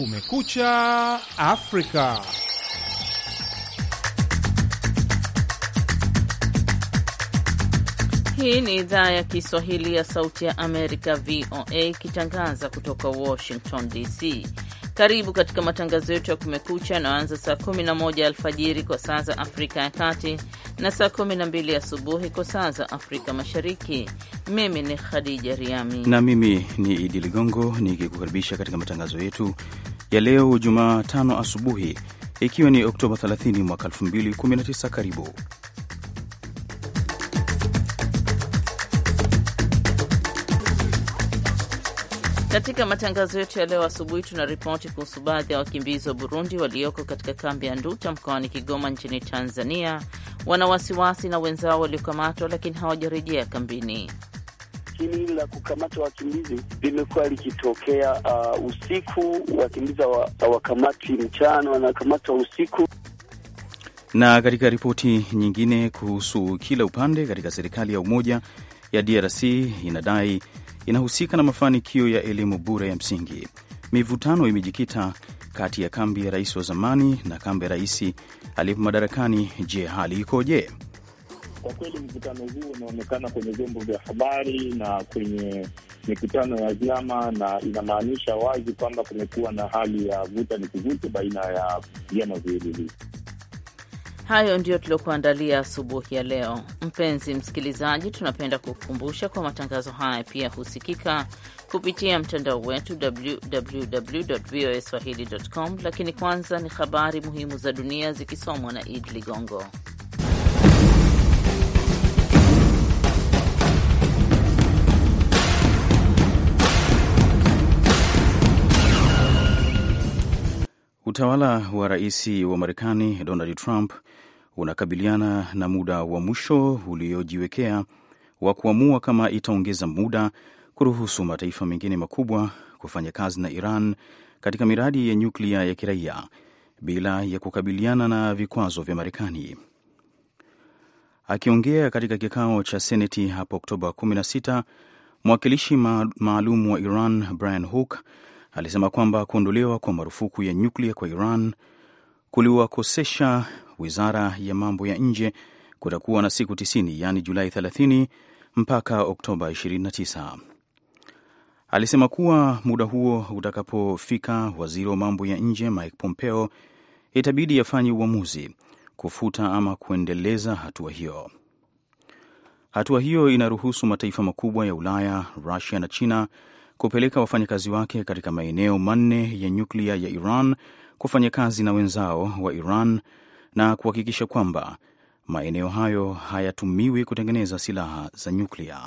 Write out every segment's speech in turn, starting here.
Kumekucha Afrika. Hii ni idhaa ya Kiswahili ya Sauti ya Amerika, VOA, ikitangaza kutoka Washington DC. Karibu katika matangazo yetu ya Kumekucha yanayoanza saa 11 alfajiri kwa saa za Afrika ya Kati na saa 12 asubuhi kwa saa za Afrika Mashariki. Mimi ni Khadija Riami na mimi ni Idi Ligongo nikikukaribisha katika matangazo yetu ya leo Jumatano asubuhi, ikiwa ni Oktoba 30 mwaka 2019. Karibu katika matangazo yetu ya leo asubuhi. Tuna ripoti kuhusu baadhi ya wakimbizi wa Burundi walioko katika kambi ya Nduta mkoani Kigoma nchini Tanzania, wana wasiwasi na wenzao waliokamatwa, lakini hawajarejea kambini lakini hili la kukamata wakimbizi limekuwa likitokea uh, usiku, wakimbizi hawakamati mchana, wanakamata usiku. Na katika ripoti nyingine kuhusu kila upande katika serikali ya umoja ya DRC inadai inahusika na mafanikio ya elimu bure ya msingi. Mivutano imejikita kati ya kambi ya rais wa zamani na kambi ya rais aliyepo madarakani. Je, hali ikoje? Kwa kweli mvutano huu unaonekana kwenye vyombo vya habari na kwenye mikutano ya vyama, na inamaanisha wazi kwamba kumekuwa na hali ya vuta ni kuvute baina ya vyama viwili hivi. Hayo ndiyo tuliokuandalia asubuhi ya leo. Mpenzi msikilizaji, tunapenda kukukumbusha kwa matangazo haya pia husikika kupitia mtandao wetu www voa swahili com. Lakini kwanza ni habari muhimu za dunia zikisomwa na Id Ligongo. Utawala wa rais wa Marekani Donald Trump unakabiliana na muda wa mwisho uliojiwekea wa kuamua kama itaongeza muda kuruhusu mataifa mengine makubwa kufanya kazi na Iran katika miradi ya nyuklia ya kiraia bila ya kukabiliana na vikwazo vya Marekani. Akiongea katika kikao cha Seneti hapo Oktoba 16, mwakilishi maalum wa Iran Brian Hook alisema kwamba kuondolewa kwa marufuku ya nyuklia kwa Iran kuliwakosesha wizara ya mambo ya nje kutakuwa na siku 90 yaani Julai 30 mpaka Oktoba 29. Alisema kuwa muda huo utakapofika, waziri wa mambo ya nje Mike Pompeo itabidi afanye uamuzi kufuta ama kuendeleza hatua hiyo. Hatua hiyo inaruhusu mataifa makubwa ya Ulaya, Rusia na China kupeleka wafanyakazi wake katika maeneo manne ya nyuklia ya Iran kufanya kazi na wenzao wa Iran na kuhakikisha kwamba maeneo hayo hayatumiwi kutengeneza silaha za nyuklia.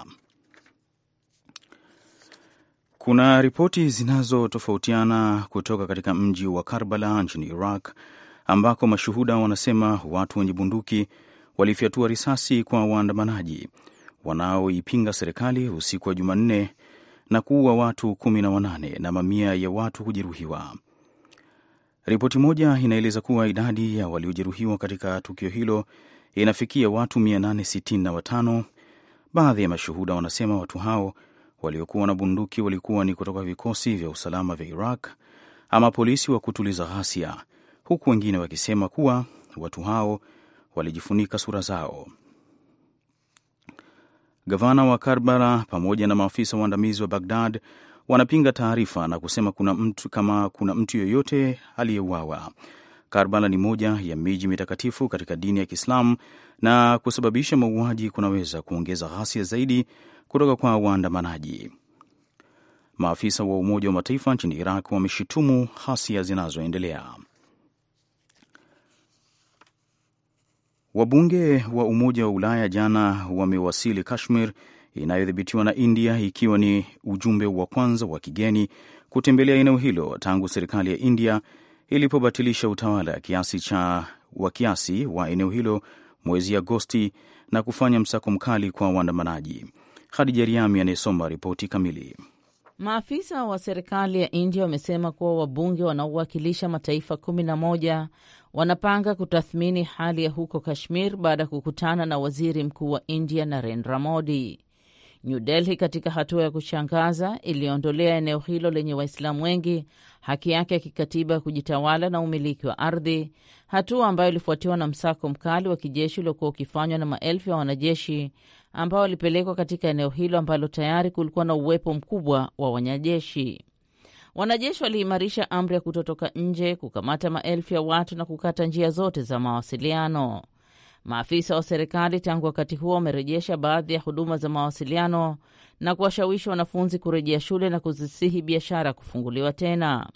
Kuna ripoti zinazotofautiana kutoka katika mji wa Karbala nchini Iraq ambako mashuhuda wanasema watu wenye bunduki walifyatua risasi kwa waandamanaji wanaoipinga serikali usiku wa Jumanne na kuua watu kumi na wanane na mamia ya watu kujeruhiwa. Ripoti moja inaeleza kuwa idadi ya waliojeruhiwa katika tukio hilo inafikia watu 865. Baadhi ya mashuhuda wanasema watu hao waliokuwa na bunduki walikuwa ni kutoka vikosi vya usalama vya Iraq ama polisi wa kutuliza ghasia, huku wengine wakisema kuwa watu hao walijifunika sura zao. Gavana wa Karbala pamoja na maafisa waandamizi wa Bagdad wanapinga taarifa na kusema kuna mtu kama kuna mtu yoyote aliyeuawa. Karbala ni moja ya miji mitakatifu katika dini ya Kiislamu na kusababisha mauaji kunaweza kuongeza ghasia zaidi kutoka kwa waandamanaji. Maafisa wa Umoja wa Mataifa nchini Iraq wameshutumu ghasia zinazoendelea. Wabunge wa Umoja wa Ulaya jana wamewasili Kashmir inayodhibitiwa na India, ikiwa ni ujumbe wa kwanza wa kigeni kutembelea eneo hilo tangu serikali ya India ilipobatilisha utawala kiasi cha wa kiasi wa eneo hilo mwezi Agosti na kufanya msako mkali kwa waandamanaji. Hadija Riami anayesoma ripoti kamili. Maafisa wa serikali ya India wamesema kuwa wabunge wanaowakilisha mataifa kumi na moja wanapanga kutathmini hali ya huko Kashmir baada ya kukutana na waziri mkuu wa India Narendra Modi. New Delhi, katika hatua ya kushangaza, iliondolea eneo hilo lenye Waislamu wengi haki yake ya kikatiba ya kujitawala na umiliki wa ardhi, hatua ambayo ilifuatiwa na msako mkali wa kijeshi uliokuwa ukifanywa na maelfu ya wanajeshi ambao walipelekwa katika eneo hilo ambalo tayari kulikuwa na uwepo mkubwa wa wanajeshi. Wanajeshi waliimarisha amri ya kutotoka nje, kukamata maelfu ya watu na kukata njia zote za mawasiliano. Maafisa wa serikali tangu wakati huo wamerejesha baadhi ya huduma za mawasiliano na kuwashawishi wanafunzi kurejea shule na kuzisihi biashara kufunguliwa tena.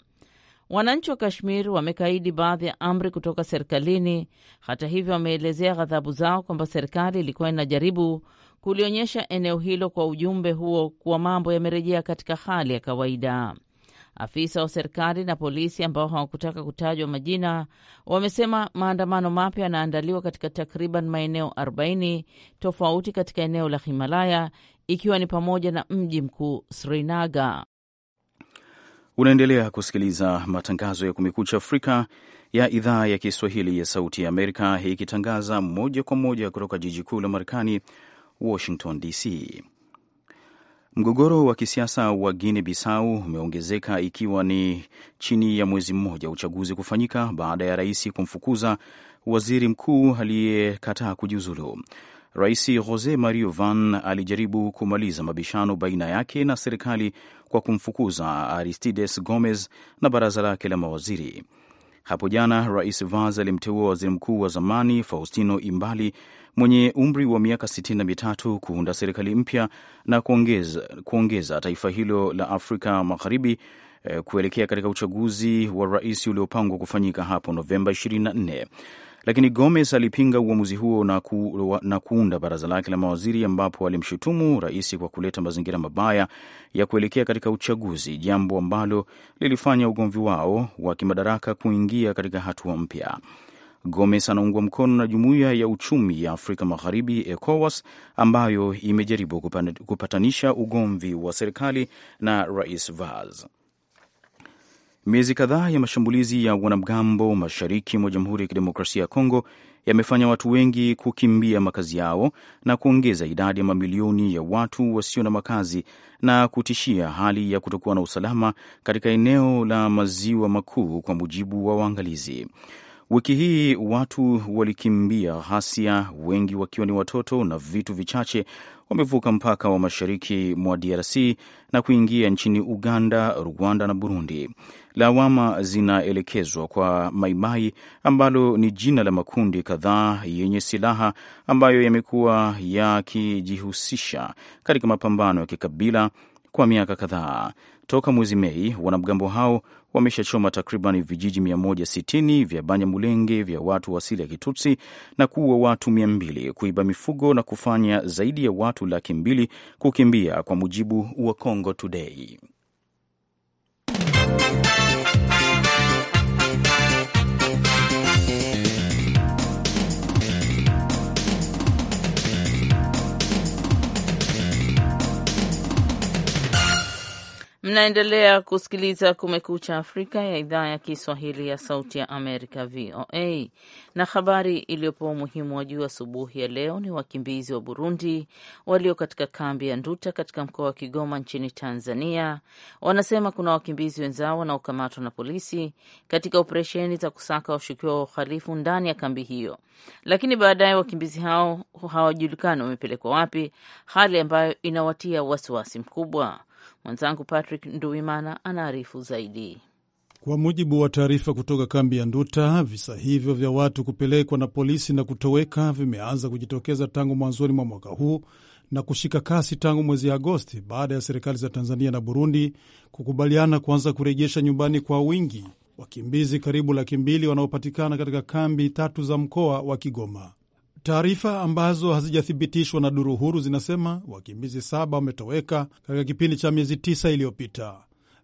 Wananchi wa Kashmir wamekaidi baadhi ya amri kutoka serikalini. Hata hivyo, wameelezea ghadhabu zao kwamba serikali ilikuwa inajaribu kulionyesha eneo hilo kwa ujumbe huo kuwa mambo yamerejea katika hali ya kawaida. Afisa wa serikali na polisi ambao hawakutaka kutajwa majina wamesema maandamano mapya yanaandaliwa katika takriban maeneo 40 tofauti katika eneo la Himalaya, ikiwa ni pamoja na mji mkuu Srinaga. Unaendelea kusikiliza matangazo ya Kumekucha Afrika ya idhaa ya Kiswahili ya Sauti ya Amerika, ikitangaza moja kwa moja kutoka jiji kuu la Marekani, Washington DC. Mgogoro wa kisiasa wa Guinea Bissau umeongezeka ikiwa ni chini ya mwezi mmoja uchaguzi kufanyika baada ya rais kumfukuza waziri mkuu aliyekataa kujiuzulu. Rais Jose Mario Van alijaribu kumaliza mabishano baina yake na serikali kwa kumfukuza Aristides gomez na baraza lake la mawaziri. Hapo jana Rais Vaz alimteua waziri mkuu wa zamani Faustino Imbali mwenye umri wa miaka 63 kuunda serikali mpya na kuongeza, kuongeza taifa hilo la Afrika Magharibi eh, kuelekea katika uchaguzi wa rais uliopangwa kufanyika hapo Novemba 24 lakini Gomes alipinga uamuzi huo na, ku, na kuunda baraza lake la mawaziri ambapo alimshutumu rais kwa kuleta mazingira mabaya ya kuelekea katika uchaguzi, jambo ambalo lilifanya ugomvi wao wa kimadaraka kuingia katika hatua mpya. Gomes anaungwa mkono na jumuiya ya uchumi ya Afrika Magharibi, ECOWAS, ambayo imejaribu kupatanisha ugomvi wa serikali na rais Vaz. Miezi kadhaa ya mashambulizi ya wanamgambo mashariki mwa Jamhuri ya Kidemokrasia ya Kongo yamefanya watu wengi kukimbia makazi yao na kuongeza idadi ya mamilioni ya watu wasio na makazi na kutishia hali ya kutokuwa na usalama katika eneo la maziwa makuu, kwa mujibu wa waangalizi. Wiki hii watu walikimbia ghasia, wengi wakiwa ni watoto na vitu vichache. Wamevuka mpaka wa mashariki mwa DRC na kuingia nchini Uganda, Rwanda na Burundi. Lawama zinaelekezwa kwa Maimai ambalo ni jina la makundi kadhaa yenye silaha ambayo yamekuwa yakijihusisha katika mapambano ya kikabila kwa miaka kadhaa. Toka mwezi Mei, wanamgambo hao wameshachoma takriban vijiji 160 vya Banyamulenge vya watu wa asili ya Kitutsi na kuua watu 200, kuiba mifugo na kufanya zaidi ya watu laki mbili kukimbia, kwa mujibu wa Congo Today. Mnaendelea kusikiliza Kumekucha Afrika ya idhaa ya Kiswahili ya Sauti ya Amerika, VOA. Na habari iliyopewa umuhimu wa juu asubuhi ya leo ni wakimbizi wa Burundi walio katika kambi ya Nduta katika mkoa wa Kigoma nchini Tanzania wanasema kuna wakimbizi wenzao wanaokamatwa na polisi katika operesheni za kusaka washukiwa wa uhalifu ndani ya kambi hiyo, lakini baadaye wakimbizi hao hawajulikani wamepelekwa wapi, hali ambayo inawatia wasiwasi mkubwa. Mwenzangu Patrick Nduwimana anaarifu zaidi. Kwa mujibu wa taarifa kutoka kambi ya Nduta, visa hivyo vya watu kupelekwa na polisi na kutoweka vimeanza kujitokeza tangu mwanzoni mwa mwaka huu na kushika kasi tangu mwezi Agosti baada ya serikali za Tanzania na Burundi kukubaliana kuanza kurejesha nyumbani kwa wingi wakimbizi karibu laki mbili wanaopatikana katika kambi tatu za mkoa wa Kigoma. Taarifa ambazo hazijathibitishwa na duru huru zinasema wakimbizi saba wametoweka katika kipindi cha miezi tisa iliyopita.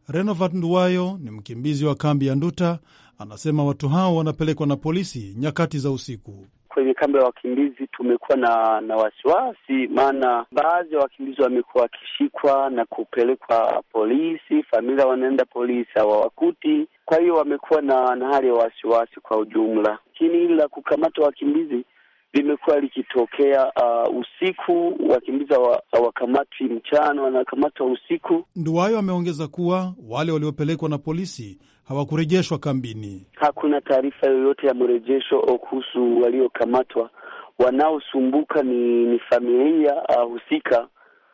Renovat Nduwayo ni mkimbizi wa kambi ya Nduta, anasema watu hao wanapelekwa na polisi nyakati za usiku. Kwenye kambi ya wakimbizi tumekuwa na na wasiwasi, maana baadhi ya wakimbizi wamekuwa wakishikwa na kupelekwa polisi, familia wanaenda polisi hawawakuti, kwa hiyo wamekuwa na, na hali ya wasiwasi kwa ujumla. Lakini hili la kukamata wakimbizi limekuwa likitokea uh, usiku, wakimbiza wakamati wa mchana, wanakamata usiku. Nduwayo ameongeza kuwa wale waliopelekwa na polisi hawakurejeshwa kambini. Hakuna taarifa yoyote ya mrejesho kuhusu waliokamatwa. Wanaosumbuka ni, ni familia uh, husika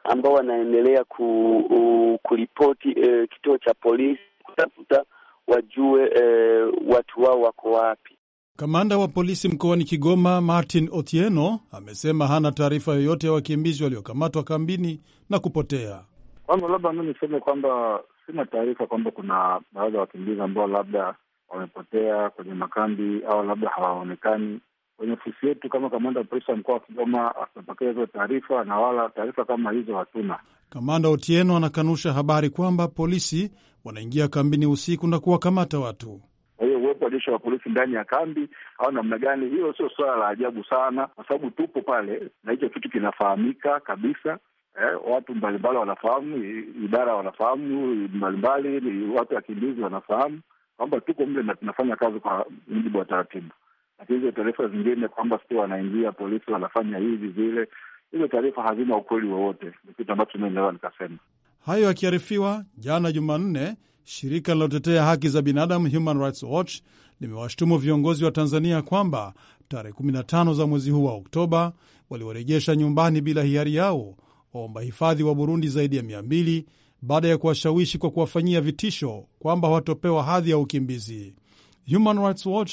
ambao wanaendelea ku, uh, kuripoti uh, eh, kituo cha polisi kutafuta wajue uh, watu wao wako wapi. Kamanda wa polisi mkoani Kigoma, Martin Otieno, amesema hana taarifa yoyote ya wakimbizi waliokamatwa kambini na kupotea. Kwanza labda mi niseme kwamba sina taarifa kwamba kuna baadhi ya wakimbizi ambao labda wamepotea kwenye makambi au labda hawaonekani. Kwenye ofisi yetu kama kamanda wa polisi wa mkoa wa Kigoma hatujapokea hizo taarifa na wala taarifa kama hizo hatuna. Kamanda Otieno anakanusha habari kwamba polisi wanaingia kambini usiku na kuwakamata watu wa jeshi la polisi ndani ya kambi au namna gani, Hiyo sio suala la ajabu sana, kwa sababu tupo pale na hicho kitu kinafahamika kabisa. Eh, watu mbalimbali wanafahamu, idara wanafahamu mbalimbali, ni watu wakimbizi wanafahamu kwamba tuko mle na tunafanya kazi kwa mujibu wa taratibu. Lakini hizo taarifa zingine kwamba sio wanaingia polisi wanafanya hivi vile, hizo taarifa hazina ukweli wowote, ni kitu ambacho mi naweza nikasema hayo. Yakiarifiwa jana Jumanne, Shirika linalotetea haki za binadamu Human Rights Watch limewashtumu viongozi wa Tanzania kwamba tarehe 15 za mwezi huu wa Oktoba waliorejesha nyumbani bila hiari yao waomba hifadhi wa Burundi zaidi ya 200 baada ya kuwashawishi kwa kuwafanyia vitisho kwamba watopewa hadhi ya ukimbizi. Human Rights Watch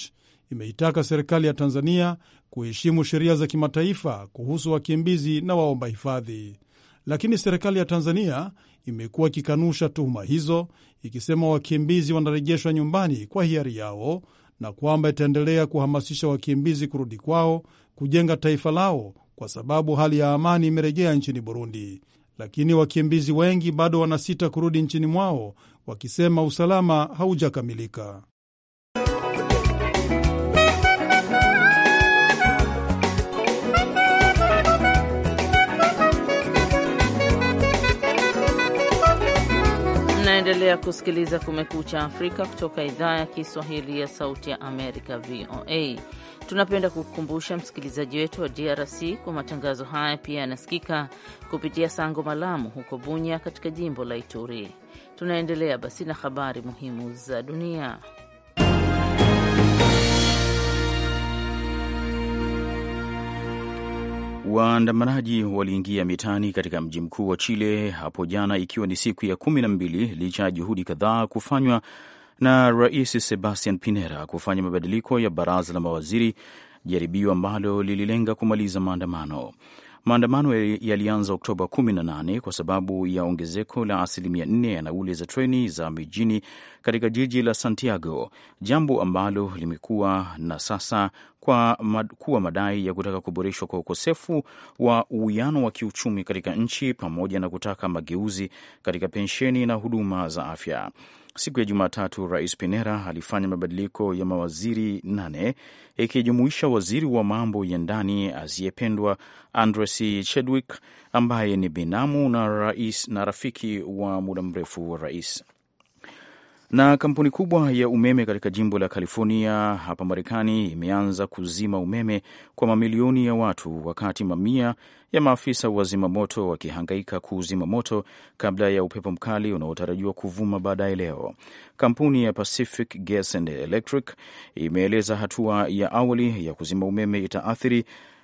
imeitaka serikali ya Tanzania kuheshimu sheria za kimataifa kuhusu wakimbizi na waomba hifadhi, lakini serikali ya Tanzania imekuwa ikikanusha tuhuma hizo ikisema wakimbizi wanarejeshwa nyumbani kwa hiari yao na kwamba itaendelea kuhamasisha wakimbizi kurudi kwao kujenga taifa lao kwa sababu hali ya amani imerejea nchini Burundi. Lakini wakimbizi wengi bado wanasita kurudi nchini mwao wakisema usalama haujakamilika. Mnaendelea kusikiliza Kumekucha Afrika kutoka idhaa ya Kiswahili ya Sauti ya Amerika, VOA. Tunapenda kukumbusha msikilizaji wetu wa DRC kwa matangazo haya pia yanasikika kupitia Sango Malamu huko Bunya katika jimbo la Ituri. Tunaendelea basi na habari muhimu za dunia. Waandamanaji waliingia mitaani katika mji mkuu wa Chile hapo jana, ikiwa ni siku ya kumi na mbili licha ya juhudi kadhaa kufanywa na Rais Sebastian Pinera kufanya mabadiliko ya baraza la mawaziri, jaribio ambalo lililenga kumaliza maandamano. Maandamano yalianza Oktoba 18 kwa sababu ya ongezeko la asilimia 4 ya nauli za treni za mijini katika jiji la Santiago, jambo ambalo limekuwa na sasa kwa mad, kuwa madai ya kutaka kuboreshwa kwa ukosefu wa uwiano wa kiuchumi katika nchi pamoja na kutaka mageuzi katika pensheni na huduma za afya. Siku ya Jumatatu, Rais Pinera alifanya mabadiliko ya mawaziri nane ikijumuisha waziri wa mambo ya ndani asiyependwa Andres chedwick ambaye ni binamu na rais na rafiki wa muda mrefu wa rais. Na kampuni kubwa ya umeme katika jimbo la California hapa Marekani imeanza kuzima umeme kwa mamilioni ya watu, wakati mamia ya maafisa wa zimamoto wakihangaika kuuzima moto kabla ya upepo mkali unaotarajiwa kuvuma baadaye leo. Kampuni ya Pacific Gas and Electric imeeleza hatua ya awali ya kuzima umeme itaathiri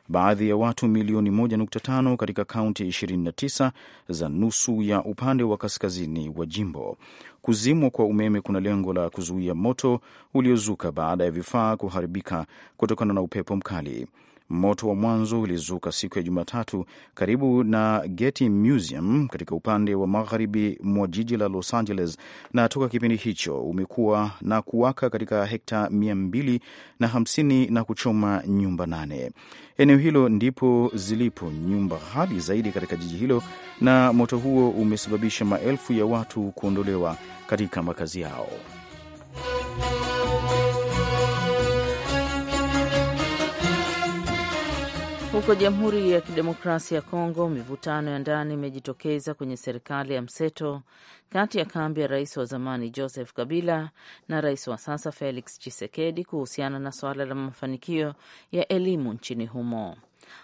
baadhi ya watu milioni 1.5 katika kaunti 29 za nusu ya upande wa kaskazini wa jimbo. Kuzimwa kwa umeme kuna lengo la kuzuia moto uliozuka baada ya vifaa kuharibika kutokana na upepo mkali. Moto wa mwanzo ulizuka siku ya Jumatatu karibu na Getty Museum katika upande wa magharibi mwa jiji la Los Angeles, na toka kipindi hicho umekuwa na kuwaka katika hekta 250 na na kuchoma nyumba nane. Eneo hilo ndipo zilipo nyumba ghali zaidi katika jiji hilo, na moto huo umesababisha maelfu ya watu kuondolewa katika makazi yao. Huko Jamhuri ya Kidemokrasia ya Kongo, mivutano ya ndani imejitokeza kwenye serikali ya mseto kati ya kambi ya rais wa zamani Joseph Kabila na rais wa sasa Felix Tshisekedi kuhusiana na suala la mafanikio ya elimu nchini humo.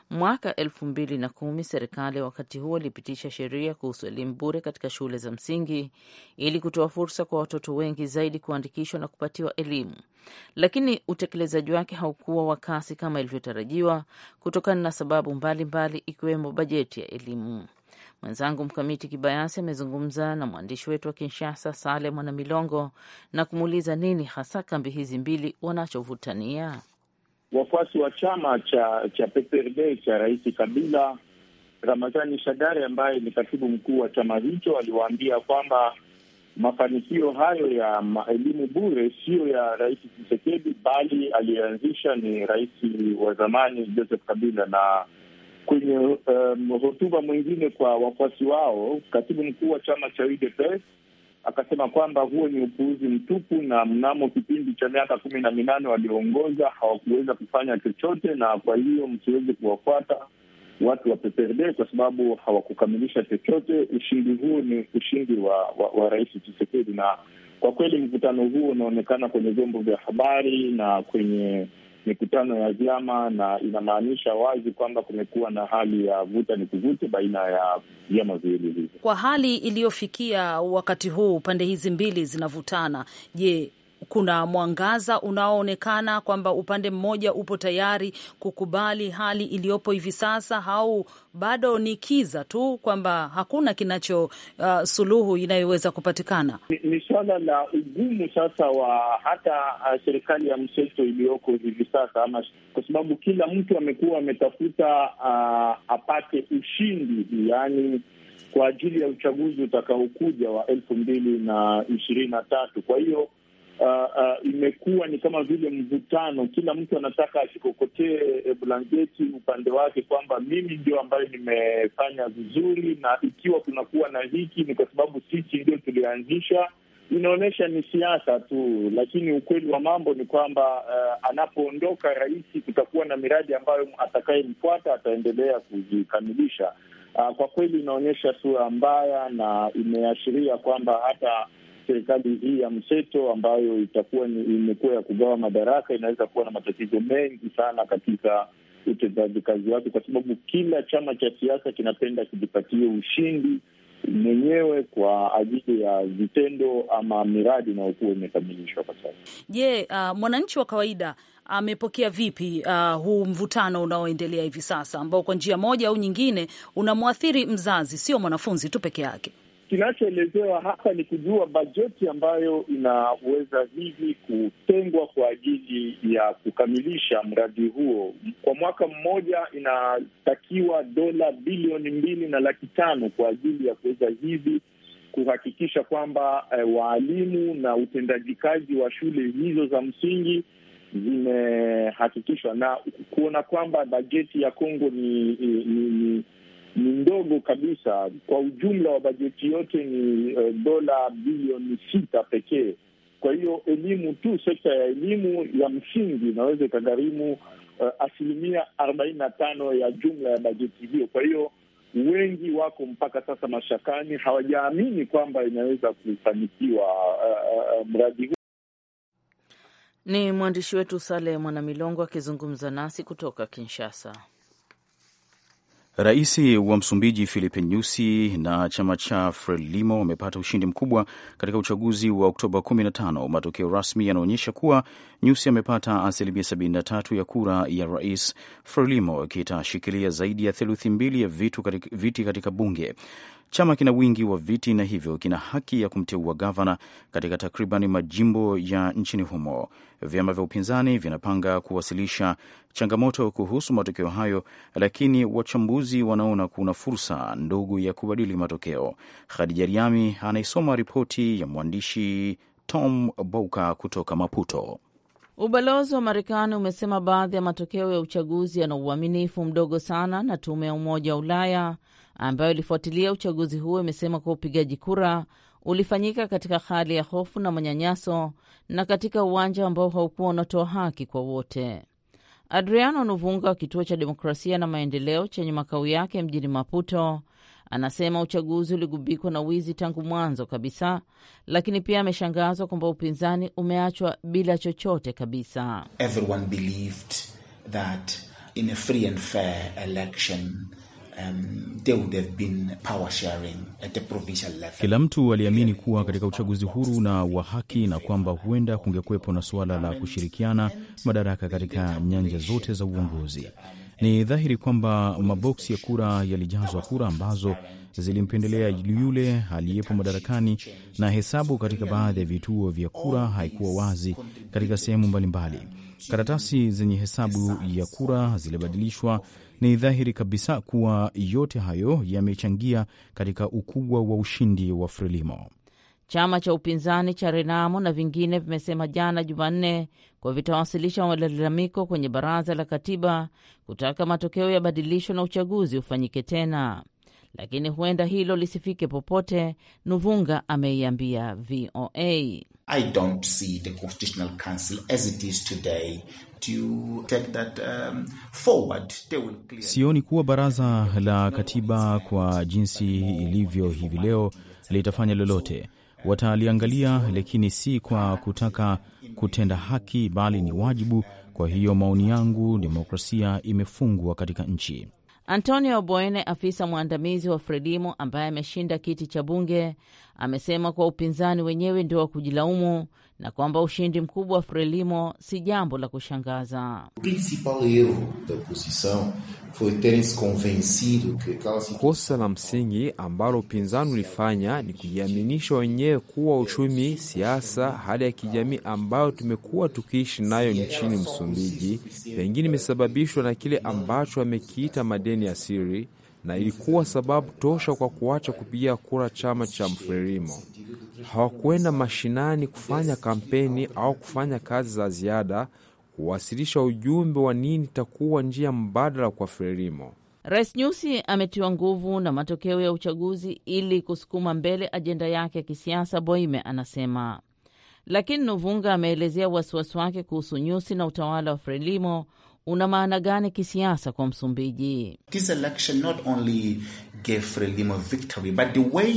Mwaka elfu mbili na kumi serikali wakati huo ilipitisha sheria kuhusu elimu bure katika shule za msingi ili kutoa fursa kwa watoto wengi zaidi kuandikishwa na kupatiwa elimu, lakini utekelezaji wake haukuwa wa kasi kama ilivyotarajiwa kutokana na sababu mbalimbali ikiwemo bajeti ya elimu. Mwenzangu Mkamiti Kibayasi amezungumza na mwandishi wetu wa Kinshasa, Sale Mwanamilongo, na kumuuliza nini hasa kambi hizi mbili wanachovutania wafuasi wa chama cha cha PPRD cha Rais Kabila, Ramadhani Shadari ambaye ni katibu mkuu wa chama hicho aliwaambia kwamba mafanikio hayo ya elimu bure siyo ya Rais Tshisekedi, bali aliyeanzisha ni rais wa zamani Joseph Kabila. Na kwenye um, hotuba mwingine kwa wafuasi wao, katibu mkuu wa chama cha UDPS akasema kwamba huo ni upuuzi mtupu, na mnamo kipindi cha miaka kumi na minane walioongoza hawakuweza kufanya chochote, na kwa hiyo msiweze kuwafuata watu wa PPRD kwa sababu hawakukamilisha chochote. Ushindi huo ni ushindi wa, wa, wa Rais Tshisekedi, na kwa kweli mvutano huo unaonekana kwenye vyombo vya habari na kwenye mikutano ya vyama, na inamaanisha wazi kwamba kumekuwa na hali ya vuta ni kuvute baina ya vyama viwili hivyo. Kwa hali iliyofikia wakati huu, pande hizi mbili zinavutana. Je, kuna mwangaza unaoonekana kwamba upande mmoja upo tayari kukubali hali iliyopo hivi sasa, au bado ni kiza tu kwamba hakuna kinacho uh, suluhu inayoweza kupatikana? Ni, ni suala la ugumu sasa wa hata uh, serikali ya mseto iliyoko hivi sasa ama, kwa sababu kila mtu amekuwa ametafuta uh, apate ushindi yani kwa ajili ya uchaguzi utakaokuja wa elfu mbili na ishirini na tatu. Kwa hiyo uh, uh, imekuwa ni kama vile mvutano, kila mtu anataka asikokotee eh, blanketi upande wake kwamba mimi ndio ambayo nimefanya vizuri, na ikiwa kunakuwa na hiki ni kwa sababu sisi ndio tulianzisha. Inaonyesha ni siasa tu, lakini ukweli wa mambo ni kwamba uh, anapoondoka rais, kutakuwa na miradi ambayo atakayemfuata ataendelea kujikamilisha Uh, kwa kweli inaonyesha sura mbaya na imeashiria kwamba hata serikali hii ya mseto ambayo itakuwa imekuwa ya kugawa madaraka inaweza kuwa na matatizo mengi sana katika utendaji kazi wake, kwa sababu kila chama cha siasa kinapenda kijipatie ushindi mwenyewe kwa ajili ya vitendo ama miradi inayokuwa imekamilishwa kwa sasa. Je, uh, mwananchi wa kawaida amepokea vipi uh, huu mvutano unaoendelea hivi sasa ambao kwa njia moja au nyingine unamwathiri mzazi, sio mwanafunzi tu peke yake? kinachoelezewa hapa ni kujua bajeti ambayo inaweza hivi kutengwa kwa ajili ya kukamilisha mradi huo. Kwa mwaka mmoja inatakiwa dola bilioni mbili na laki tano kwa ajili ya kuweza hivi kuhakikisha kwamba e, waalimu na utendaji kazi wa shule hizo za msingi zimehakikishwa na kuona kwamba bajeti ya Kongo ni, ni, ni ni ndogo kabisa. Kwa ujumla wa bajeti yote ni uh, dola bilioni sita pekee. Kwa hiyo elimu tu, sekta ya elimu ya msingi inaweza ikagharimu uh, eh, asilimia arobaini na tano ya jumla ya bajeti hiyo. Kwa hiyo wengi wako mpaka sasa mashakani, hawajaamini kwamba inaweza kufanikiwa uh, uh, mradi huu. Ni mwandishi wetu Saleh Mwanamilongo akizungumza nasi kutoka Kinshasa. Rais wa Msumbiji Filipe Nyusi na chama cha Frelimo wamepata ushindi mkubwa katika uchaguzi wa Oktoba 15. Matokeo rasmi yanaonyesha kuwa Nyusi amepata asilimia 73 ya kura ya rais, Frelimo kitashikilia zaidi ya theluthi mbili ya vitu katika, viti katika bunge. Chama kina wingi wa viti na hivyo kina haki ya kumteua gavana katika takriban majimbo ya nchini humo. Vyama vya upinzani vinapanga kuwasilisha changamoto kuhusu matokeo hayo, lakini wachambuzi wanaona kuna fursa ndogo ya kubadili matokeo. Khadija Riami anaisoma ripoti ya mwandishi Tom Bouka kutoka Maputo. Ubalozi wa Marekani umesema baadhi ya matokeo ya uchaguzi yana uaminifu mdogo sana na tume ya Umoja wa Ulaya ambayo ilifuatilia uchaguzi huo imesema kuwa upigaji kura ulifanyika katika hali ya hofu na manyanyaso na katika uwanja ambao haukuwa unatoa haki kwa wote. Adriano Nuvunga wa kituo cha demokrasia na maendeleo chenye makao yake mjini Maputo anasema uchaguzi uligubikwa na wizi tangu mwanzo kabisa, lakini pia ameshangazwa kwamba upinzani umeachwa bila chochote kabisa. Everyone believed that in a free and fair election Um, Kila mtu aliamini kuwa katika uchaguzi huru na wa haki na kwamba huenda kungekuwepo na suala la kushirikiana madaraka katika nyanja zote za uongozi. Ni dhahiri kwamba maboksi ya kura yalijazwa kura ambazo zilimpendelea yule aliyepo madarakani, na hesabu katika baadhi ya vituo vya kura haikuwa wazi katika sehemu mbalimbali. Karatasi zenye hesabu ya kura zilibadilishwa ni dhahiri kabisa kuwa yote hayo yamechangia katika ukubwa wa ushindi wa Frelimo. Chama cha upinzani cha Renamo na vingine vimesema jana Jumanne kwa vitawasilisha malalamiko kwenye baraza la katiba kutaka matokeo yabadilishwe na uchaguzi ufanyike tena lakini huenda hilo lisifike popote. Nuvunga ameiambia VOA. I don't see the Constitutional Council as it is today to take that, um, forward. They will clear. Sioni kuwa baraza la katiba kwa jinsi ilivyo hivi leo litafanya lolote. Wataliangalia, lakini si kwa kutaka kutenda haki, bali ni wajibu. Kwa hiyo maoni yangu, demokrasia imefungwa katika nchi. Antonio Boene, afisa mwandamizi wa fredimo ambaye ameshinda kiti cha bunge, amesema kuwa upinzani wenyewe ndio wa kujilaumu na kwamba ushindi mkubwa wa Frelimo si jambo la kushangaza. Kosa la msingi ambalo upinzani ulifanya ni kujiaminisha wenyewe kuwa uchumi, siasa, hali ya kijamii ambayo tumekuwa tukiishi nayo nchini Msumbiji pengine imesababishwa na kile ambacho amekiita madeni ya siri na ilikuwa sababu tosha kwa kuacha kupigia kura chama cha mfririmo. Hawakwenda mashinani kufanya kampeni au kufanya kazi za ziada kuwasilisha ujumbe wa nini itakuwa njia mbadala kwa Frelimo. Rais Nyusi ametiwa nguvu na matokeo ya uchaguzi ili kusukuma mbele ajenda yake ya kisiasa, Boime anasema. Lakini Nuvunga ameelezea wasiwasi wake kuhusu Nyusi na utawala wa Frelimo una maana gani kisiasa kwa Msumbiji?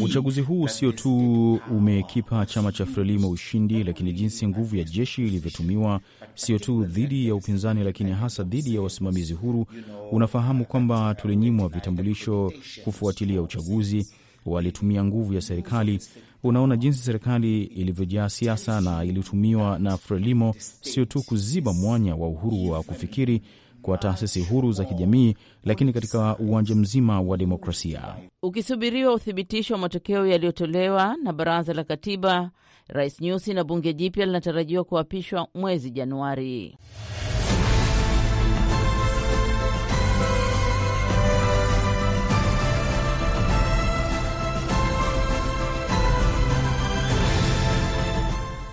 Uchaguzi huu sio tu umekipa chama cha Frelimo ushindi, lakini jinsi nguvu ya jeshi ilivyotumiwa sio tu dhidi ya upinzani, lakini hasa dhidi ya wasimamizi huru. Unafahamu kwamba tulinyimwa vitambulisho kufuatilia uchaguzi, walitumia nguvu ya serikali Unaona jinsi serikali ilivyojaa siasa na ilitumiwa na Frelimo sio tu kuziba mwanya wa uhuru wa kufikiri kwa taasisi huru za kijamii, lakini katika uwanja mzima wa demokrasia. Ukisubiriwa uthibitisho wa matokeo yaliyotolewa na baraza la katiba, rais nyusi na bunge jipya linatarajiwa kuapishwa mwezi Januari.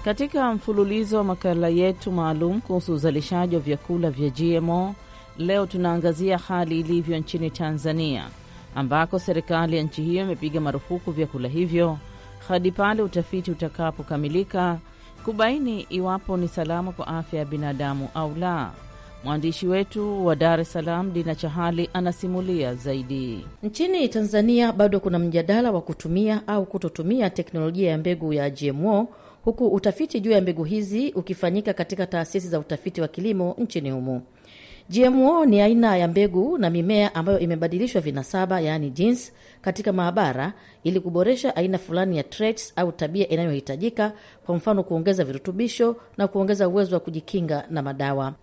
Katika mfululizo wa makala yetu maalum kuhusu uzalishaji wa vyakula vya GMO, leo tunaangazia hali ilivyo nchini Tanzania ambako serikali ya nchi hiyo imepiga marufuku vyakula hivyo hadi pale utafiti utakapokamilika kubaini iwapo ni salama kwa afya ya binadamu au la. Mwandishi wetu wa Dar es Salaam, Dina Chahali, anasimulia zaidi. Nchini Tanzania bado kuna mjadala wa kutumia au kutotumia teknolojia ya mbegu ya GMO huku utafiti juu ya mbegu hizi ukifanyika katika taasisi za utafiti wa kilimo nchini humo. GMO ni aina ya mbegu na mimea ambayo imebadilishwa vinasaba, yaani genes, katika maabara ili kuboresha aina fulani ya traits au tabia inayohitajika, kwa mfano kuongeza virutubisho na kuongeza uwezo wa kujikinga na madawa.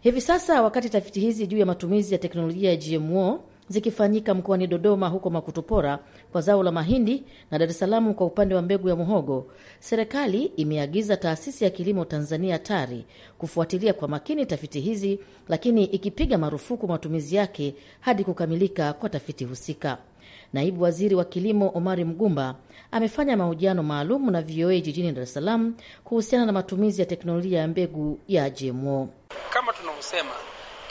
Hivi sasa wakati tafiti hizi juu ya matumizi ya teknolojia ya GMO zikifanyika mkoani Dodoma huko Makutupora kwa zao la mahindi na Dar es Salaam kwa upande wa mbegu ya muhogo, serikali imeagiza taasisi ya kilimo Tanzania TARI kufuatilia kwa makini tafiti hizi, lakini ikipiga marufuku matumizi yake hadi kukamilika kwa tafiti husika. Naibu Waziri wa Kilimo Omari Mgumba amefanya mahojiano maalum na VOA jijini Dar es Salaam kuhusiana na matumizi ya teknolojia ya mbegu ya GMO. Kama tunavyosema,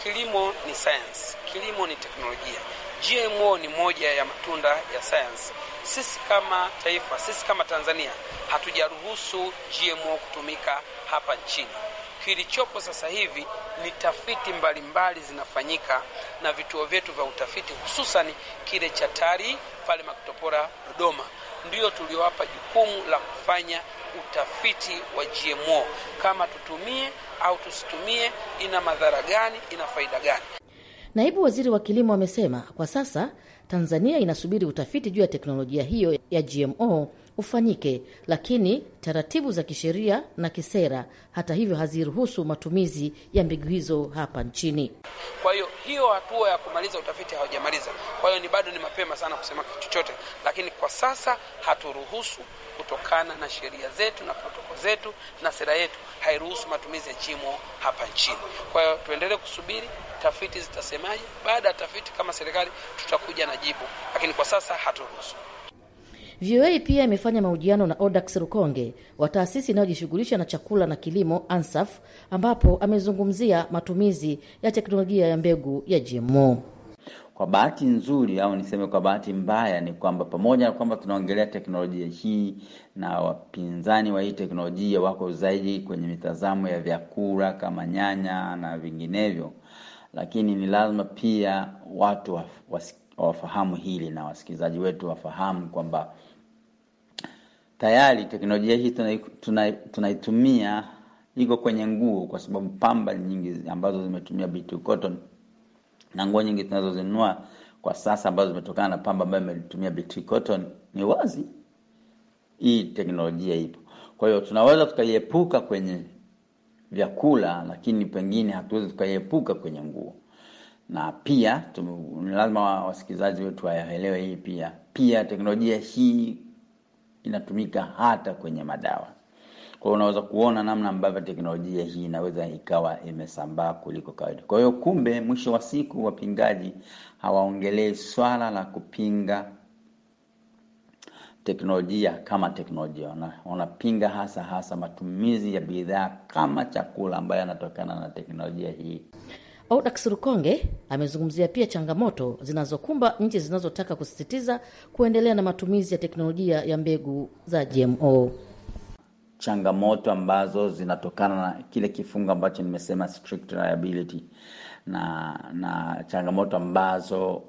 kilimo ni sayansi kilimo ni teknolojia. GMO ni moja ya matunda ya sayansi. Sisi kama taifa, sisi kama Tanzania hatujaruhusu GMO kutumika hapa nchini. Kilichopo sasa hivi ni tafiti mbalimbali mbali zinafanyika na vituo vyetu vya utafiti, hususan kile cha TARI pale Makutopora Dodoma, ndiyo tuliowapa jukumu la kufanya utafiti wa GMO, kama tutumie au tusitumie, ina madhara gani, ina faida gani. Naibu waziri wa kilimo amesema kwa sasa Tanzania inasubiri utafiti juu ya teknolojia hiyo ya GMO ufanyike, lakini taratibu za kisheria na kisera, hata hivyo, haziruhusu matumizi ya mbegu hizo hapa nchini. Kwa hiyo hiyo hatua ya kumaliza utafiti hawajamaliza, kwa hiyo ni bado ni mapema sana kusema kitu chochote, lakini kwa sasa haturuhusu kutokana na sheria zetu na protoko zetu na sera yetu hairuhusu matumizi ya GMO hapa nchini. Kwa hiyo tuendelee kusubiri tafiti zitasemaje. Baada ya tafiti, kama serikali, tutakuja na jibu, lakini kwa sasa haturuhusu. VOA pia imefanya mahojiano na Odax Rukonge wa taasisi inayojishughulisha na chakula na kilimo ANSAF, ambapo amezungumzia matumizi ya teknolojia ya mbegu ya GMO. Kwa bahati nzuri au niseme kwa bahati mbaya, ni kwamba pamoja na kwamba tunaongelea teknolojia hii na wapinzani wa hii teknolojia wako zaidi kwenye mitazamo ya vyakula kama nyanya na vinginevyo lakini ni lazima pia watu wafahamu hili na wasikilizaji wetu wafahamu kwamba tayari teknolojia hii tunaitumia iko kwenye nguo, kwa sababu pamba nyingi ambazo zimetumia b cotton na nguo nyingi tunazozinunua kwa sasa ambazo zimetokana na pamba ambayo imetumia b cotton, ni wazi hii teknolojia ipo. Kwa hiyo tunaweza tukaiepuka kwenye vyakula, lakini pengine hatuwezi tukaiepuka kwenye nguo. Na pia ni lazima wasikilizaji wetu waelewe hii pia. Pia teknolojia hii inatumika hata kwenye madawa. Kwa hiyo unaweza kuona namna ambavyo teknolojia hii inaweza ikawa imesambaa kuliko kawaida. Kwa hiyo kumbe, mwisho wa siku, wapingaji hawaongelei swala la kupinga teknolojia kama teknolojia. Wanapinga wana hasa hasa matumizi ya bidhaa kama chakula ambayo yanatokana na teknolojia hii. odax Surukonge amezungumzia pia changamoto zinazokumba nchi zinazotaka kusisitiza kuendelea na matumizi ya teknolojia ya mbegu za GMO, changamoto ambazo zinatokana na kile kifungo ambacho nimesema strict liability, na na changamoto ambazo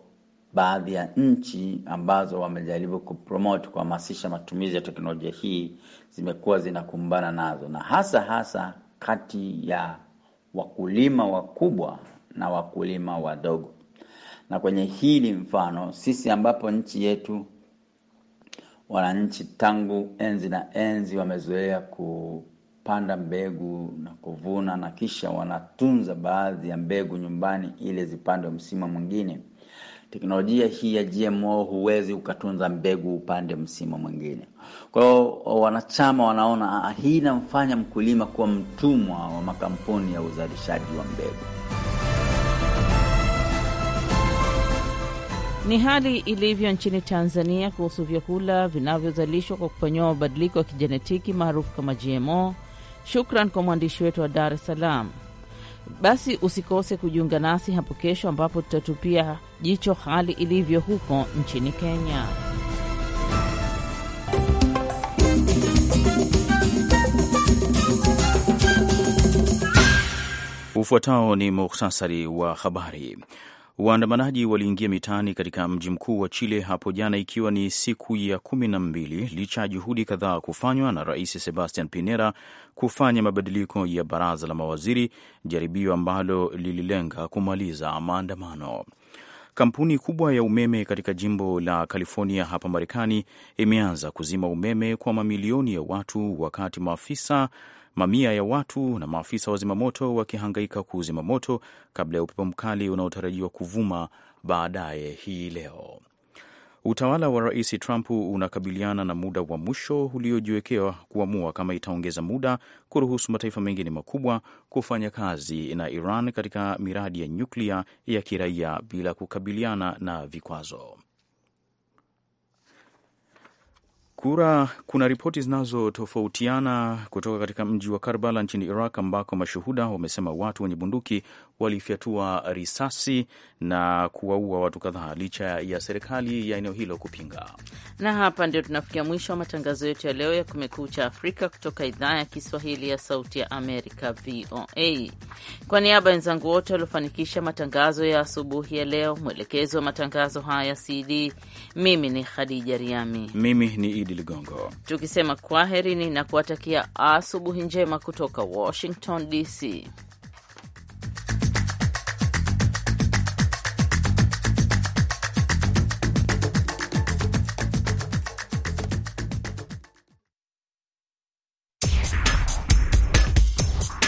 baadhi ya nchi ambazo wamejaribu kupromote kuhamasisha matumizi ya teknolojia hii zimekuwa zinakumbana nazo, na hasa hasa kati ya wakulima wakubwa na wakulima wadogo. Na kwenye hili mfano sisi, ambapo nchi yetu wananchi tangu enzi na enzi wamezoea kupanda mbegu na kuvuna na kisha wanatunza baadhi ya mbegu nyumbani ili zipandwe msimu mwingine teknolojia hii ya GMO huwezi ukatunza mbegu upande msimu mwingine. Kwa hiyo wanachama wanaona ah, ah, hii inamfanya mkulima kuwa mtumwa wa makampuni ya uzalishaji wa mbegu. Ni hali ilivyo nchini Tanzania kuhusu vyakula vinavyozalishwa kwa kufanyiwa mabadiliko ya kijenetiki maarufu kama GMO. Shukran kwa mwandishi wetu wa Dar es Salaam. Basi usikose kujiunga nasi hapo kesho, ambapo tutatupia jicho hali ilivyo huko nchini Kenya. Ufuatao ni muhtasari wa habari. Waandamanaji waliingia mitaani katika mji mkuu wa Chile hapo jana, ikiwa ni siku ya kumi na mbili licha ya juhudi kadhaa kufanywa na Rais Sebastian Pinera kufanya mabadiliko ya baraza la mawaziri, jaribio ambalo lililenga kumaliza maandamano. Kampuni kubwa ya umeme katika jimbo la California hapa Marekani imeanza kuzima umeme kwa mamilioni ya watu, wakati maafisa mamia ya watu na maafisa wa zimamoto wakihangaika kuzima moto kabla ya upepo mkali unaotarajiwa kuvuma baadaye hii leo. Utawala wa Rais Trump unakabiliana na muda wa mwisho uliojiwekewa kuamua kama itaongeza muda kuruhusu mataifa mengine makubwa kufanya kazi na Iran katika miradi ya nyuklia ya kiraia bila kukabiliana na vikwazo. kura kuna ripoti zinazotofautiana kutoka katika mji wa Karbala nchini Iraq ambako mashuhuda wamesema watu wenye bunduki walifyatua risasi na kuwaua watu kadhaa licha ya serikali ya eneo hilo kupinga. Na hapa ndio tunafikia mwisho wa matangazo yetu ya leo ya Kumekucha Afrika kutoka idhaa ya Kiswahili ya Sauti ya Amerika, VOA. Kwa niaba ya wenzangu wote waliofanikisha matangazo ya asubuhi ya leo, mwelekezi wa matangazo haya CD, mimi ni Khadija Riami, mimi ni Idi Ligongo, tukisema kwaherini na kuwatakia asubuhi njema kutoka Washington DC.